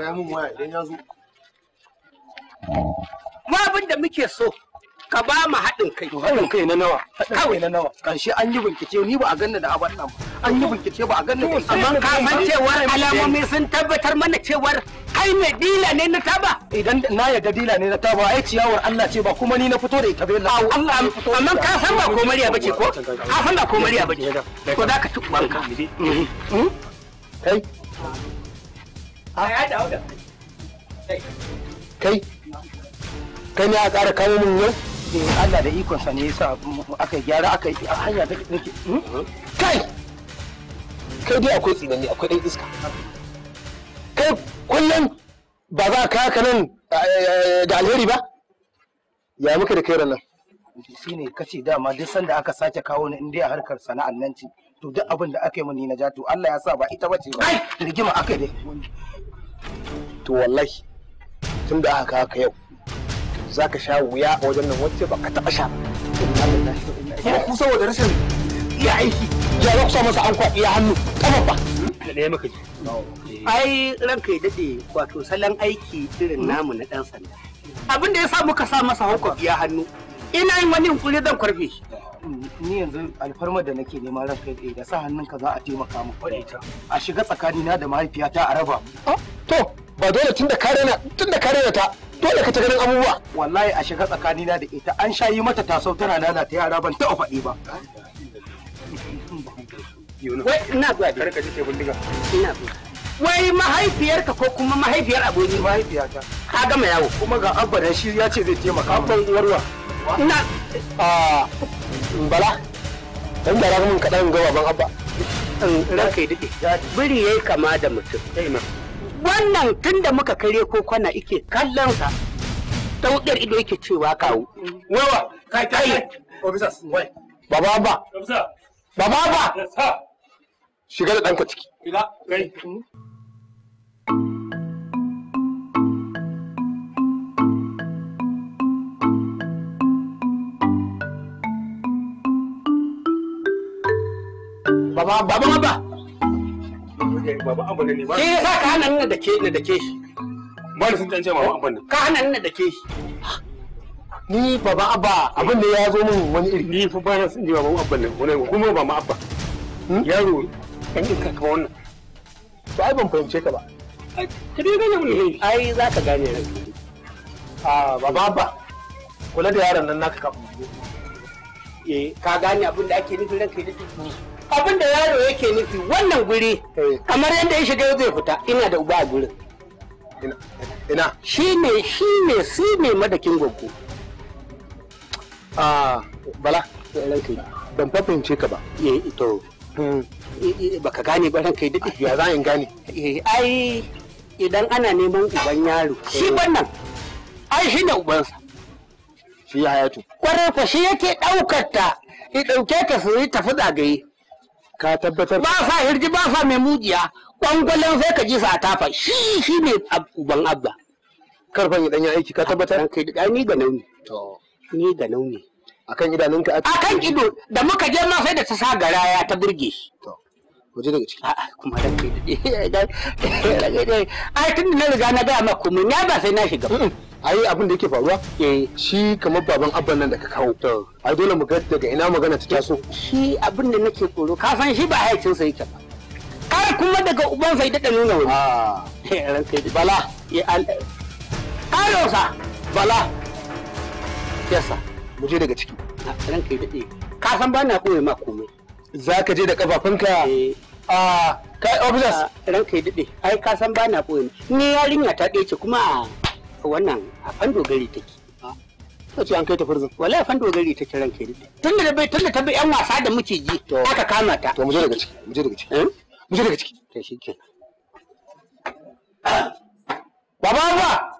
Ma Mu abin da muke so ka ba mu haɗin kai. Haɗin kai na nawa. Kawai na nawa. Karshe an yi bincike ni ba a ganna da abin nan An yi bincike ba a ganna da amma ka san cewar alamomi sun tabbatar mana cewar kai ne dila ne na taba. Idan na yarda dila ne na taba ai ciyawar Allah ce ba kuma ni na fito da ita bai Allah. fito. amma ka san ba komariya bace ko? Ka san ba komariya bace. Ko za ka banka. Hmm? Kai. Kai? Kai ne a ƙara kawo mun yau? Eh, Allah da ikon sa ne yasa aka gyara aka yi hanya da nake. Hmm? Kai! Kai dai akwai tsinanni akwai ɗan iska. Kai kullum ba za ka haka nan da alheri ba? Ya muka da kai ranar Shi ne kace dama duk sanda aka sake kawo ni in dai a harkar sana'ar nan ce. to duk abin da aka yi mani na ja to Allah ya sa ba ita bace ba rigima aka dai to wallahi tun da aka haka yau za ka sha wuya a wajen nan wacce ba ka taɓa sha ba ku saboda rashin iya aiki ya za sa masa an kwaɗi hannu kama ba da ɗaya maka ji ai ranka ya daɗe wato salon aiki irin hmm? namu na ɗan sanda abin da ya sa muka sa masa hannu ya hannu ina yin wani hukuri zan kwarfe shi ni yanzu alfarmar da nake nema ran kai da sa hannunka za a taimaka mu kwarai ta a shiga tsakanina da mahaifiyata a raba ah, to ba dole tunda kare na tunda kare na ta dole ka ta ganin abubuwa wallahi a shiga tsakanina da ita an sha yi mata tasau tana nana ta yara ban taɓa faɗi ba wai ina zuwa da karka ce bindiga ina zuwa wai mahaifiyarka ko kuma mahaifiyar aboki mahaifiyata ka gama yawo kuma ga abba da shi ya ce zai taimaka ban uwarwa ina ah, bala dan gyara mun kaɗan ga baban abba eh, ranka yi daɗe biri kama da mutum wannan tunda muka kare ko kwana ike kallon sa daudar ido yake cewa kawo wawa kai kai officers wai baba abba baba ba, shiga da ɗanka ciki ina kai Baba baba baba. Baba abana ba. Shi yasa ka hana ni da ke ni da ke shi. Ba ni sun tance ma abana. Ka hana ni da ke Ni baba abba abin da ya zo min wani iri. Ni fa ba na sun ji baba ne wani kuma ba ma abba. Hmm? Yaro dan iska ka wannan. Ba ai ban fahimce ka ba. Ai ka dai gane mun ai za ka gane ni. Ah baba abba kula da yaron nan naka kafin. Eh ka gane abin da ake nufin ranka ya dace. abin da yaro yake nufi wannan guri eh. kamar yadda ya shiga zai fita ina da uba a gurin ina shi ne shi ne su ne madakin gwaggo a ah, bala ban fa fahimce ka ba eh to hmm. eh, eh, baka gane ba ranka dade ya za in gane eh ai idan ana neman uban yaro shi wannan ai shi ne ubansa shi ya hayatu kwarai fa shi yake daukar ta ya dauke ta su yi tafi zagaye ka tabbatar ba sa hirji ba sa mai mujiya kwangwalen sai ka ji sa tafa shi shi ne uban abba karfan idan ya aiki ka tabbatar kai da ni ga nauni to ni ga nauni akan idanunka akan ido da muka je ma sai da ta sa garaya ta burge shi to waje daga ciki a'a kuma da kai dade ai tun da na riga na gaya maka kuma ya ba sai na shiga ai abin da yake faruwa eh. shi kamar baban abban nan da ka kawo ai dole mu ga daga ina magana ta taso shi abin da nake koro ka san shi ba haicin sa yake ba kar kuma daga uban sai da nuna wani ah. a bala sa. bala yasa mu je daga ciki ranka kai dade ka san ba na koyi ma komai za ka je da kafafunka eh. a kai officers ranka dade ai ka san bana boye ni yarinya ta dace kuma wannan a take ta ce an kai ta wallahi take ranka dade tunda da bai tunda ta yan wasa da muke ji aka kama ta to mu je daga ciki mu je daga ciki eh? mu je daga ciki baba